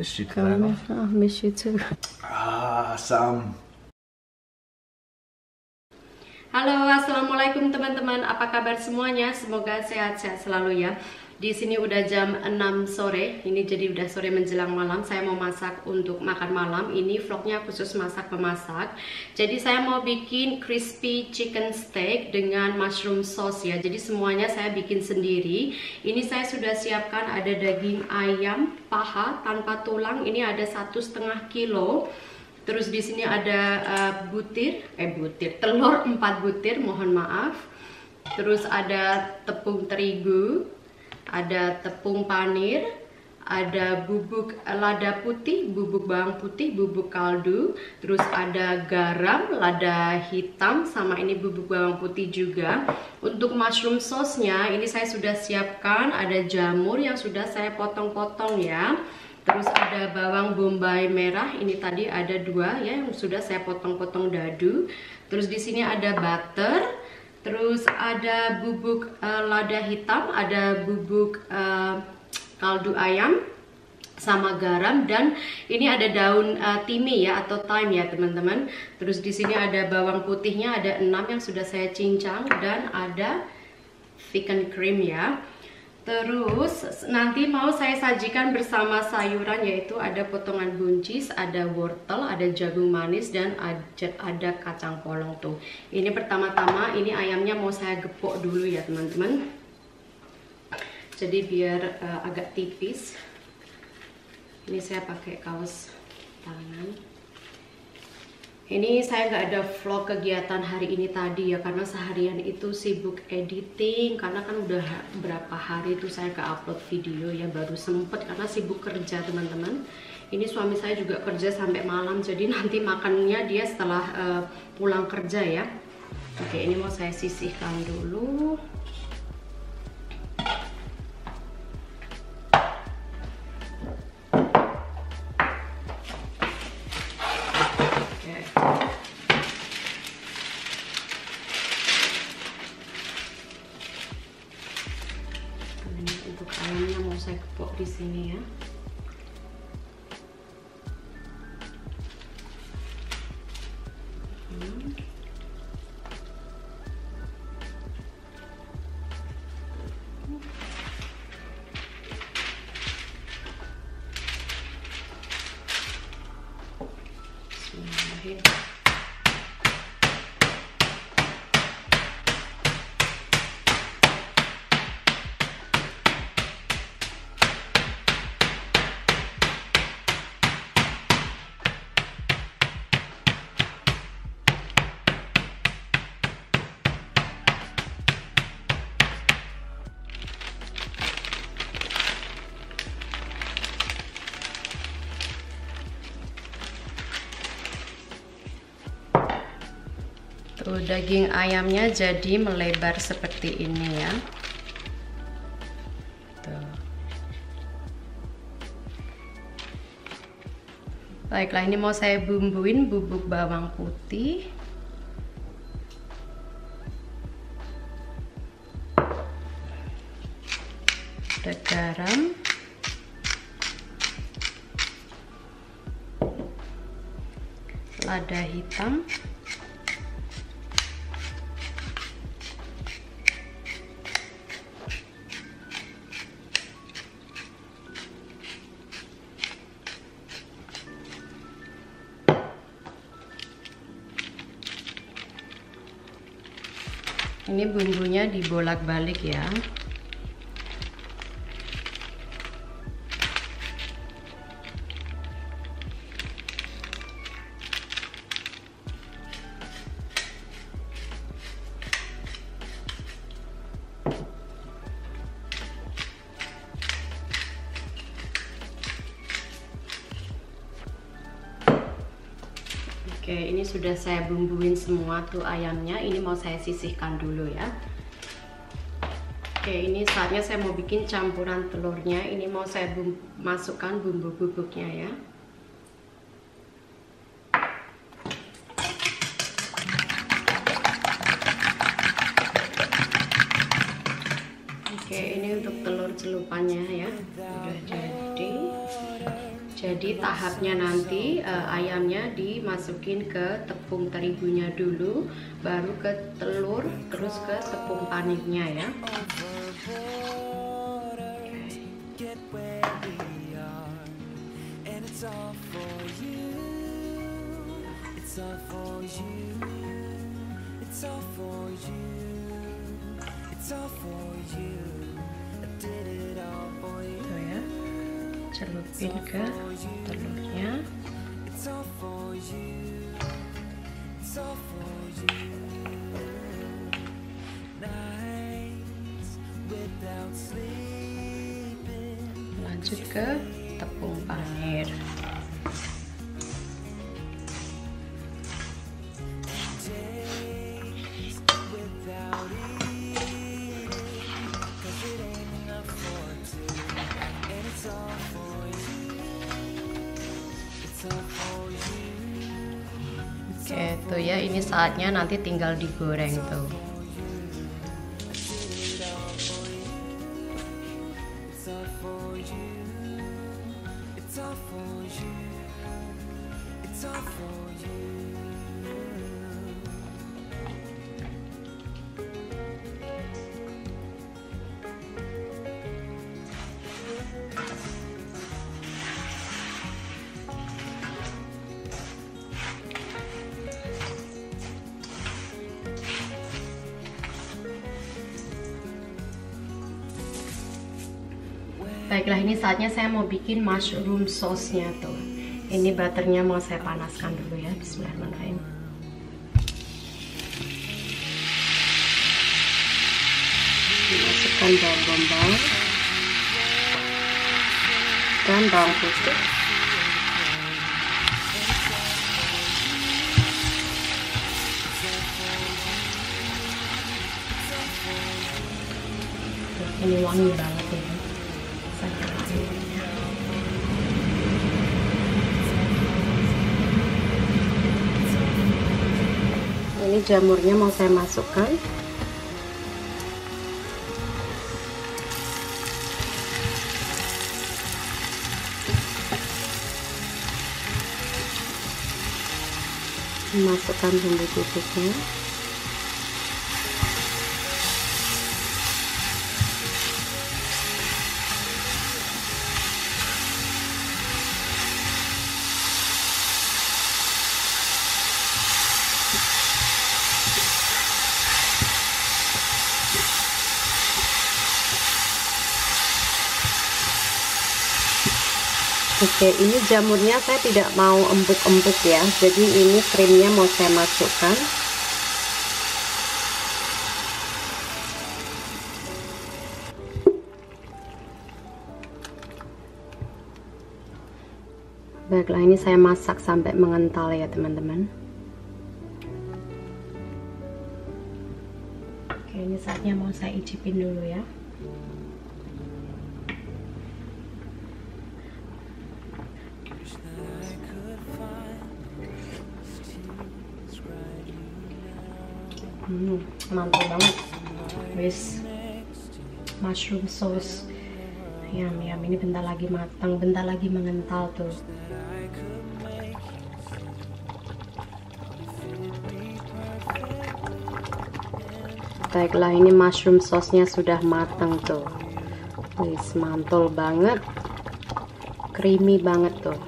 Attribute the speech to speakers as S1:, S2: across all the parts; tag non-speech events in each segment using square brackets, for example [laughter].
S1: Miss you too. oh, miss you too. Ah, Sam.
S2: Halo, assalamualaikum teman-teman. Apa kabar semuanya? Semoga sehat-sehat selalu ya. Di sini udah jam 6 sore, ini jadi udah sore menjelang malam. Saya mau masak untuk makan malam. Ini vlognya khusus masak pemasak. Jadi saya mau bikin crispy chicken steak dengan mushroom sauce ya. Jadi semuanya saya bikin sendiri. Ini saya sudah siapkan ada daging ayam paha tanpa tulang. Ini ada satu setengah kilo. Terus di sini ada eh, butir, eh butir, telur 4 butir, mohon maaf. Terus ada tepung terigu, ada tepung panir, ada bubuk lada putih, bubuk bawang putih, bubuk kaldu, terus ada garam, lada hitam, sama ini bubuk bawang putih juga. Untuk mushroom sauce-nya, ini saya sudah siapkan, ada jamur yang sudah saya potong-potong ya. Terus ada bawang bombay merah, ini tadi ada dua ya yang sudah saya potong-potong dadu. Terus di sini ada butter, Terus ada bubuk uh, lada hitam, ada bubuk uh, kaldu ayam sama garam dan ini ada daun uh, timi ya atau thyme ya teman-teman. Terus di sini ada bawang putihnya ada 6 yang sudah saya cincang dan ada thicken cream ya. Terus nanti mau saya sajikan bersama sayuran yaitu ada potongan buncis, ada wortel, ada jagung manis dan ada kacang polong tuh. Ini pertama-tama ini ayamnya mau saya gepok dulu ya teman-teman. Jadi biar uh, agak tipis. Ini saya pakai kaos tangan ini saya nggak ada vlog kegiatan hari ini tadi ya karena seharian itu sibuk editing karena kan udah berapa hari itu saya ke upload video ya baru sempet karena sibuk kerja teman-teman ini suami saya juga kerja sampai malam jadi nanti makannya dia setelah uh, pulang kerja ya oke ini mau saya sisihkan dulu here daging ayamnya jadi melebar seperti ini ya baiklah ini mau saya bumbuin bubuk bawang putih ada garam lada hitam ini bumbunya dibolak-balik ya Oke, ini sudah saya bumbuin semua tuh ayamnya. Ini mau saya sisihkan dulu ya. Oke, ini saatnya saya mau bikin campuran telurnya. Ini mau saya bumbu, masukkan bumbu bubuknya ya. Oke, ini untuk telur celupannya ya. Udah jadi tahapnya nanti uh, ayamnya dimasukin ke tepung terigunya dulu, baru ke telur, terus ke tepung paniknya ya. Tuh ya celupin ke
S1: telurnya
S2: lanjut ke tepung panir
S1: gitu ya ini saatnya nanti
S2: tinggal digoreng tuh
S1: It's all for you.
S2: baiklah ini saatnya saya mau bikin mushroom sauce-nya tuh. Ini butternya mau saya panaskan dulu ya. Bismillahirrahmanirrahim. Masukkan bawang bombay dan bawang putih. Ini wangi banget. ini jamurnya mau saya masukkan masukkan bumbu tutupnya. Oke ini jamurnya saya tidak mau empuk-empuk ya jadi ini krimnya mau saya masukkan Baiklah ini saya masak sampai mengental ya teman-teman Oke ini saatnya mau saya icipin dulu ya hmm, mantul banget wis mushroom sauce yam yam ini bentar lagi matang bentar lagi mengental tuh baiklah ini mushroom sauce nya sudah matang tuh wis mantul banget creamy banget tuh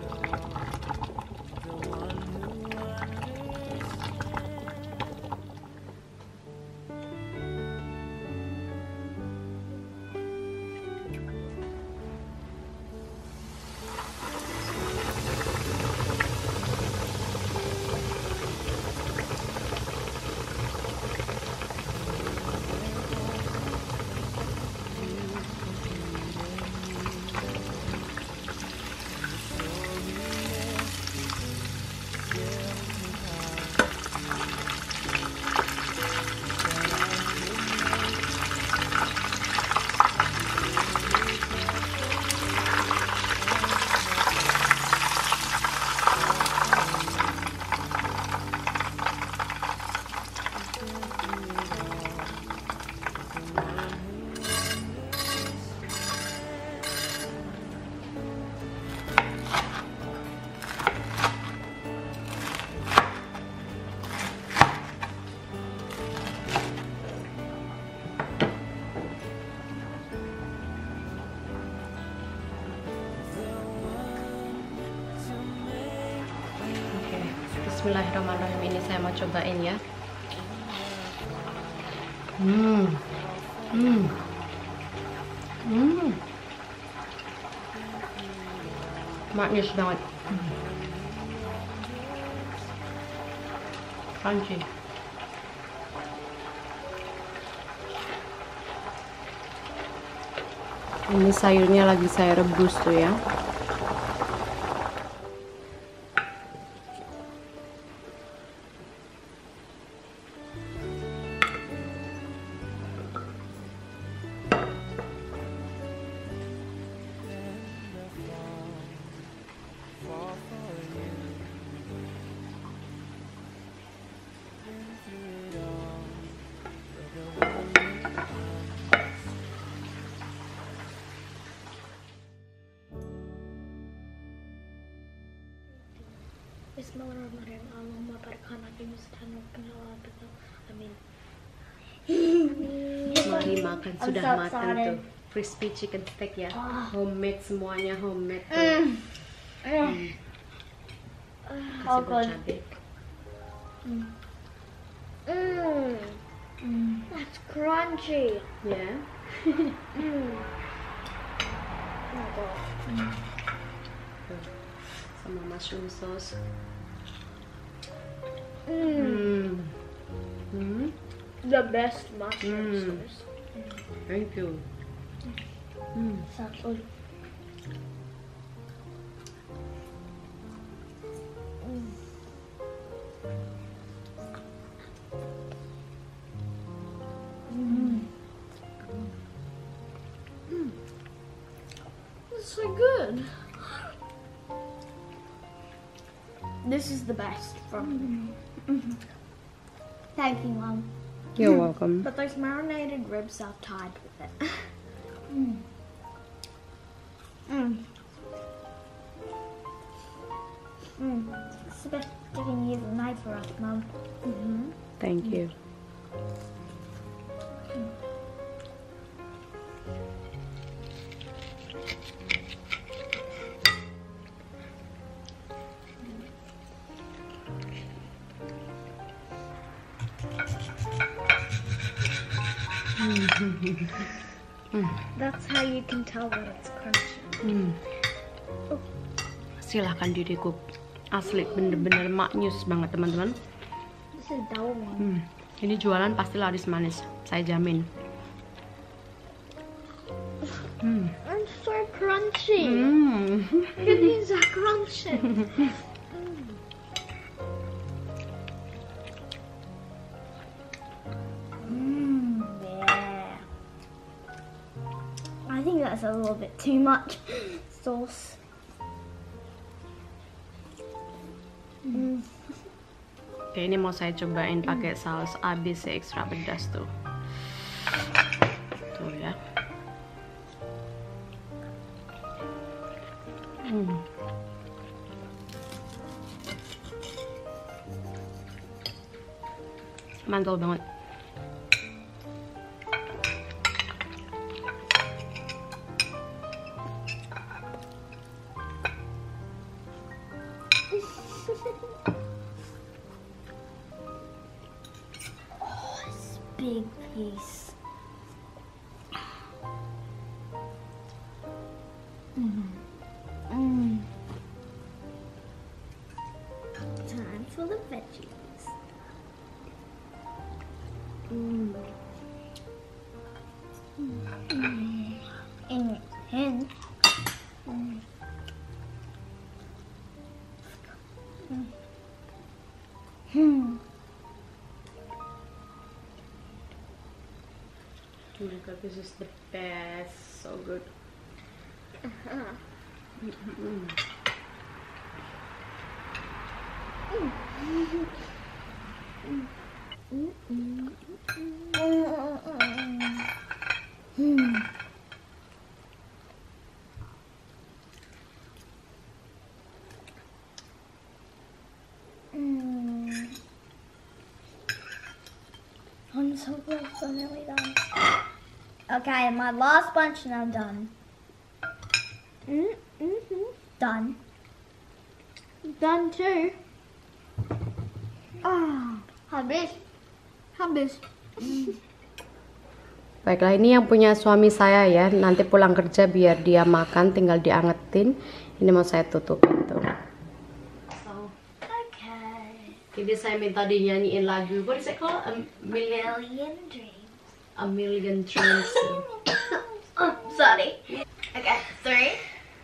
S2: Bismillahirrahmanirrahim ini saya mau cobain ya
S1: hmm hmm
S2: hmm manis banget hmm. crunchy ini sayurnya lagi saya rebus tuh ya
S1: Bismillahirrahmanirrahim. Allahumma barik lana fi mizan wa qina Amin. [laughs] Mari kan makan sudah so matang tuh.
S2: Crispy chicken steak ya. Oh. Homemade semuanya homemade tuh. Mm. Mm.
S1: Kasih oh, cabai. Mm. Mm. Mm. That's crunchy. Yeah. [laughs] mm. Oh my god. Mm. sama
S2: mushroom sauce
S1: Mm. Mm. The best mushroom
S2: mm. Thank you.
S1: Mm. mm. Thank you,
S2: You're welcome. But
S1: those marinated ribs are tied with it. Mm. It's the best you for us, -hmm.
S2: Thank you. Mm-hmm.
S1: Hmm. That's how you can tell that it's crunchy.
S2: Hmm. Oh. Silahkan diriku. Asli bener-bener maknyus banget teman-teman.
S1: Hmm.
S2: Ini jualan pasti laris manis, saya jamin.
S1: Hmm. I'm so crunchy. Hmm. It is a crunchy. [laughs] little bit too much sauce. Mm.
S2: Okay, ini mau saya cobain pakai saus ABC extra pedas tuh. Tuh ya. Hmm. Mantul banget. This is the best. So
S1: good. Uh -huh. mm -hmm. Mm -hmm. Okay, my last bunch and I'm done. Mm hmm Done. Done too. Ah, habis. Habis. Mm.
S2: Baiklah, ini yang punya suami saya ya. Nanti pulang kerja biar dia makan, tinggal diangetin. Ini mau saya tutup itu. okay. Jadi saya minta dinyanyiin lagu. What is it called? A
S1: million, million dreams.
S2: a million times. oh,
S1: [coughs] sorry. Okay, three,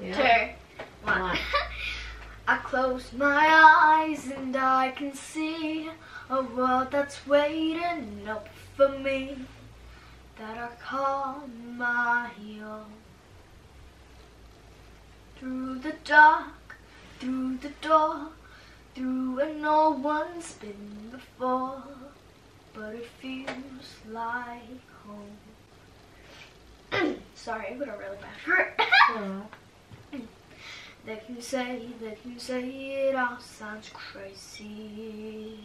S1: yeah. two, one. [laughs] I close my eyes and I can see a world that's waiting up for me that I call my own. Through the dark, through the door, through where no one's been before but it feels like home. [clears throat] Sorry, I'm gonna really bad for They can say, they can say it all sounds crazy.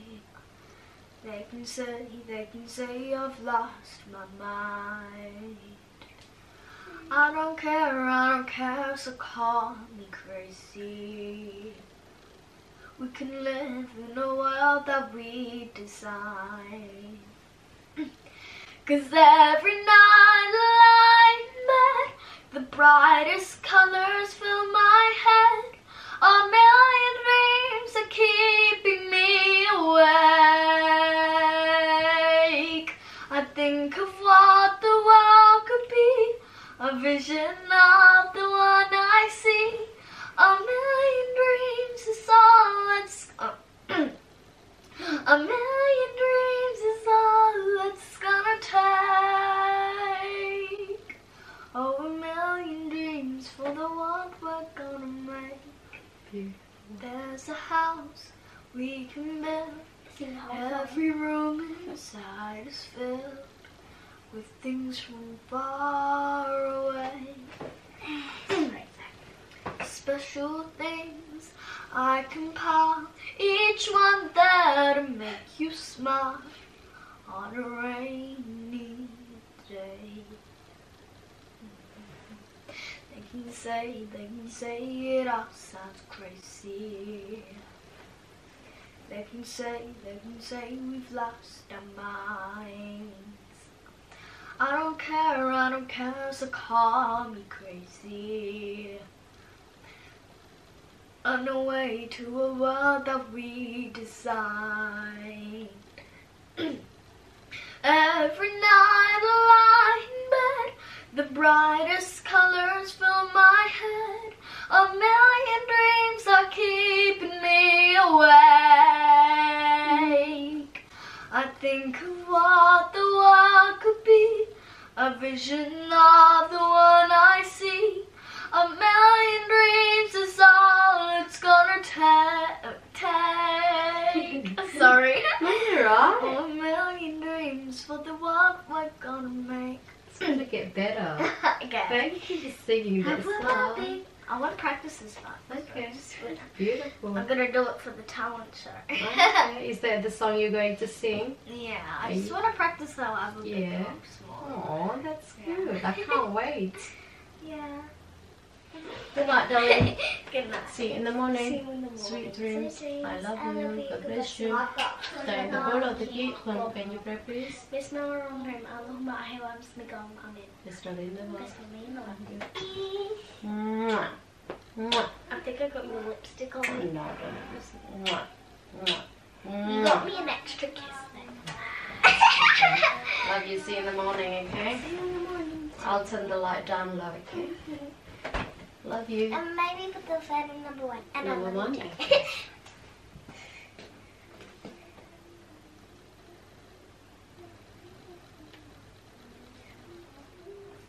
S1: They can say, they can say I've lost my mind. I don't care, I don't care, so call me crazy. We can live in a world that we design. [clears throat] Cause every night light met, the brightest colors fill my head. A million dreams are keeping me awake. I think of what the world could be, a vision of the one I see. A million dreams is all that's uh, [clears throat] A million dreams is all that's gonna take Oh, a million dreams for the world we're gonna make There's a house we can build Every room inside is filled With things from far away [laughs] special things I compile, each one that'll make you smile on a rainy day. They can say, they can say it all sounds crazy. They can say, they can say we've lost our minds. I don't care, I don't care, so call me crazy on the way to a world that we design. [clears throat] Every night in bed, the brightest colors fill my head. A million dreams are keeping me awake. I think of what the world could be, a vision of the one I see. A million dreams is all it's gonna ta take. [laughs] Sorry. You're right. A million dreams for the world we're gonna make. It's gonna get better. [laughs] okay. Maybe you
S2: for just sing this song.
S1: I want to practice this part. Okay.
S2: Beautiful. I'm
S1: gonna do it for the talent show. okay. [laughs]
S2: Is that the song you're going to sing?
S1: Yeah, I Are just you... want to practice that. i yeah. bit
S2: Oh, that's yeah. good. I can't wait. yeah. Good night, darling.
S1: [laughs] Good night. See you in the morning. In the morning. Sweet
S2: dreams. dreams. I love you. God bless you. Stay in the bowl of the gate when open your prayer,
S1: please. Bismillah ar-Rahman Allahumma ahwa bismika amin. Bismillah. Bismillah. Mwah. I think I got your lipstick on. No, I
S2: don't. You got me
S1: an extra kiss then.
S2: love you. See you in the morning, okay? See you in the morning. I'll turn the light down, low,
S1: okay? Love you. And maybe put the fan in number one. And number one. [laughs]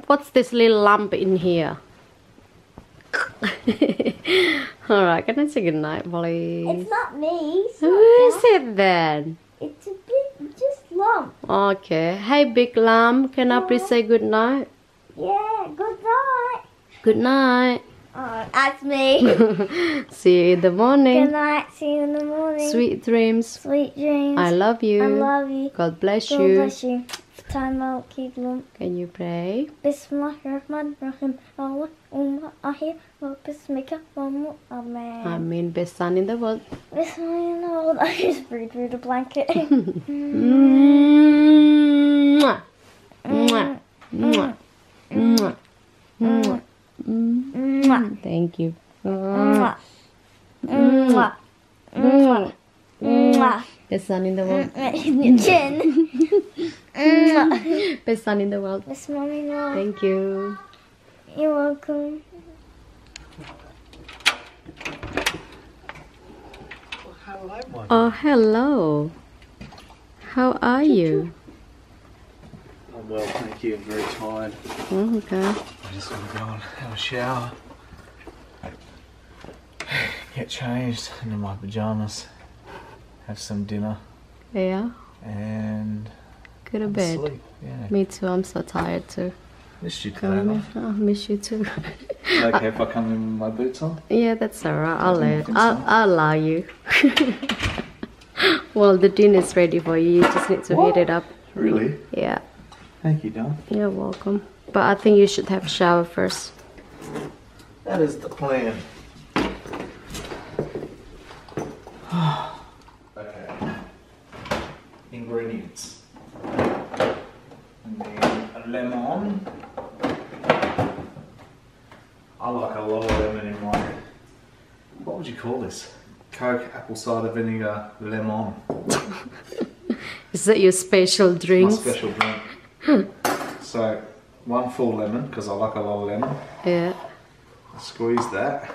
S2: What's this little lump in here? [laughs] Alright, can I say goodnight, Polly? It's not
S1: me. It's Who not is it
S2: then?
S1: It's a big, just lump.
S2: Okay. Hey, big lump, can yeah. I please say goodnight? Yeah, Good night.
S1: Oh, that's me. [laughs]
S2: see you in the morning. Good night.
S1: See you in the morning. Sweet dreams. Sweet dreams. I love you. I love you. God
S2: bless God you. God bless
S1: you. Time out, keep them.
S2: Can you pray?
S1: Bismillahirrahmanirrahim. Allah, Umma, Ahir, Bismika, Mamu, Amen. I
S2: mean, best son in the
S1: world. Best son in the world. [laughs] I just breathe through the blanket. [laughs] Mm.
S2: Mwah. Mwah. Mm. Mwah. Mwah. Mm, thank you. Mwah. Mm. Mwah.
S1: Mwah. Mm. Mwah.
S2: Best son in the world. Chin. Best [laughs] son in the world. Best mom in the world. Thank you.
S1: You're welcome.
S2: Oh, hello. How are you?
S1: I'm well, thank you. I'm very tired. okay. I just want to go and have a shower get changed into my pajamas, have some dinner. Yeah. And
S2: go to bed. Sleep. Yeah. Me too. I'm so tired too. Miss you too. I miss you too.
S1: okay [laughs] if I come in with my boots on?
S2: Yeah, that's alright. I'll, let, I'll, so. I'll allow you. [laughs] well, the dinner's ready for you. You just need to what? heat it up. Really? Yeah. Thank you, Don. You're welcome. But I think you should have a shower first.
S1: That is the plan. apple cider vinegar lemon.
S2: [laughs] Is that your special drink? My
S1: special drink. [laughs] so one full lemon because I like a lot of lemon. Yeah. I squeeze that.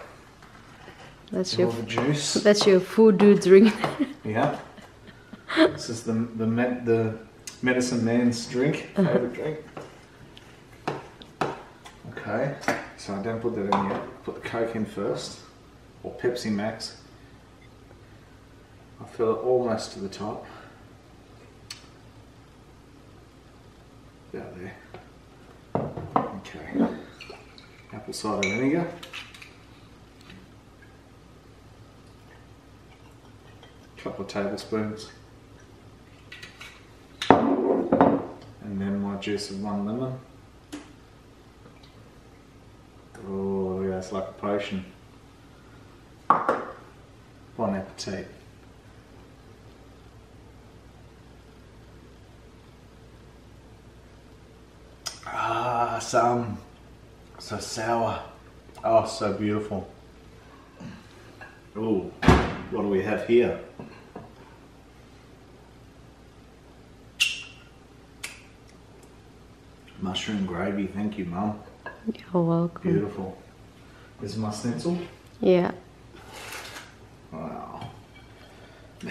S2: That's your juice. That's your food drink.
S1: yeah. This is the the med, the medicine man's drink, favorite drink. Okay, so I don't put that in yet. Put the Coke in first, or Pepsi Max. I fill it almost to the top. About there. Okay. Apple cider vinegar. A couple of tablespoons. And then my juice of one lemon. Oh, yeah, it's like a potion. Bon appetit. Nice, um, so sour. Oh, so beautiful. Oh, what do we have here? Mushroom gravy, thank you, Mum.
S2: You're welcome.
S1: Beautiful. Is my stencil?
S2: Yeah. Wow.
S1: [laughs]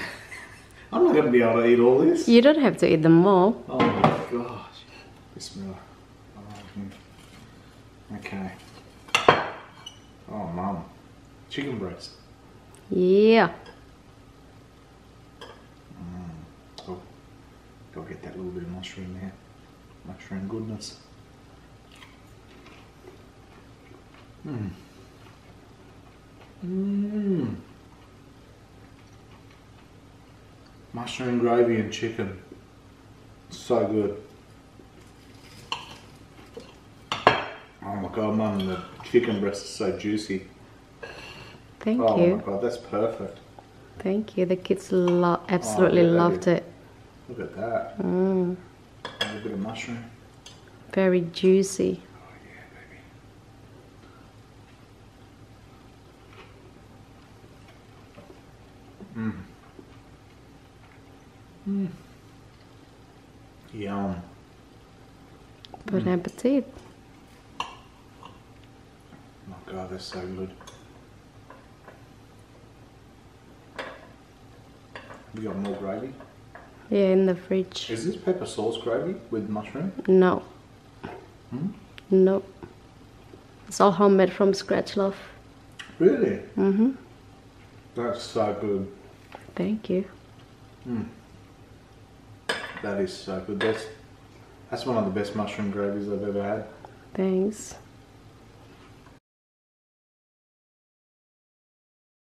S1: I'm not going to be able to eat all this.
S2: You don't have to eat them all.
S1: Oh my gosh. Okay. Oh, mama. Chicken breast.
S2: Yeah.
S1: Mm. Oh, gotta get that little bit of mushroom there. Mushroom goodness. Mmm. Mmm. Mushroom gravy and chicken. So good. god, mum, the chicken breast is so juicy. Thank oh, you. Oh my god, that's perfect.
S2: Thank you. The kids lo oh, absolutely oh, loved it.
S1: Look at that. Mm. A little bit of mushroom.
S2: Very juicy.
S1: Mmm. Mmm. Yum.
S2: Bon mm. appetit.
S1: God, oh, that's so good. We got more gravy?
S2: Yeah, in the fridge. Is this pepper
S1: sauce gravy with mushroom? No. Hmm?
S2: No. It's all homemade from scratch, love. Really? Mm-hmm.
S1: That's so good. Thank you. Mm. That is so good. That's, that's one of the best mushroom gravies I've ever had.
S2: Thanks.